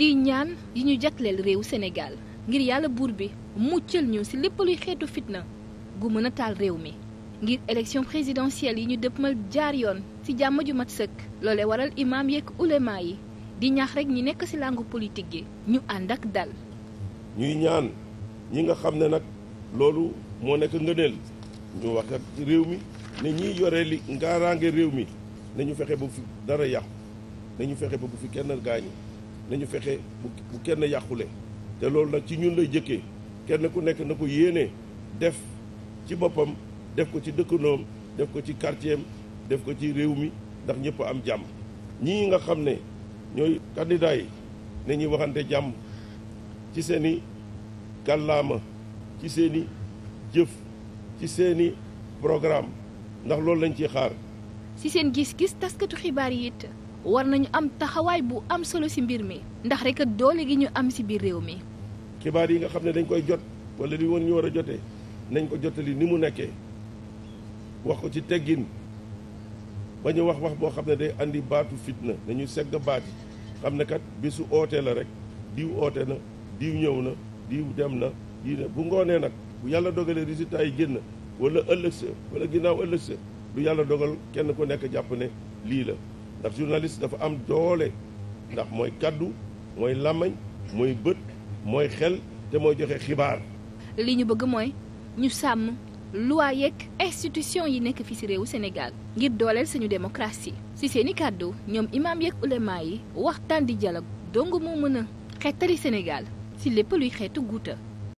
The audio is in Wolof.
di ñaan yi ñu jagleel réewu Sénégal ngir yàlla buur bi muccal ñu ci lépp luy xeetu fitna gu mën a taal réew mi ngir élection présidentielle yi ñu dëppmal jaar yoon ci jàmm ju mat sëkk loole waral imaam yeeg ulema yi di ñaax rek ñi nekk ci làngu politique yi ñu ànd ak dal ñuy ñaan ñi nga xam ne nag loolu moo nekk ngëneel ñu wax ak réew mi ne ñiy yore li ngaaraange réew mi nañu fexe ba fi dara yàqu nañu fexe ba bu fi kenn gaañu nañu fexe bu kenn yàqule te loolu nag ci ñun lay jëkkee kenn ku nekk na ko yéene def ci boppam def ko ci dëkkandoom def ko ci quartier def ko ci réew mi ndax ñëpp am jàmm ñii nga xam ne ñooy candidat yi na ñuy waxante jàmm ci seen i kàllaama ci seen i jëf ci seeni i programme ndax loolu lañ ciy xaar. ci seen gis-gis taskatu xibaar yi war nañu am taxawaay bu am solo ci mbir mi ndax rek doole gi ñu am ci biir réew mi. xibaar yi nga xam ne dañ koy jot wala li woon ñu war a jotee nañ ko jotali ni mu nekkee wax ko ci teggin ba ñu wax wax boo xam ne day àndi baatu fit fitna nañu segg baat yi xam ne kat bisu ootee la rek diw oote na diw ñëw na diw dem na diw bu ngoonee nag bu yàlla dogalee résultat yi génn wala ëllëg sa wala ginnaaw ëllëg sa lu yàlla dogal kenn ku nekk jàpp ne lii la. ndax journaliste dafa am doole ndax mooy kàddu mooy làmmañ mooy bët mooy xel te mooy joxe xibaar. li ñu bëgg mooy ñu sàmm loi yeeg institution yi nekk fi ci réewu Sénégal ngir dooleel suñu démocratie ci seeni kàddu ñoom imaam yeeg ulema yi waxtaan di dialogue dong moo mën a xettali Sénégal ci lépp luy xeetu guuta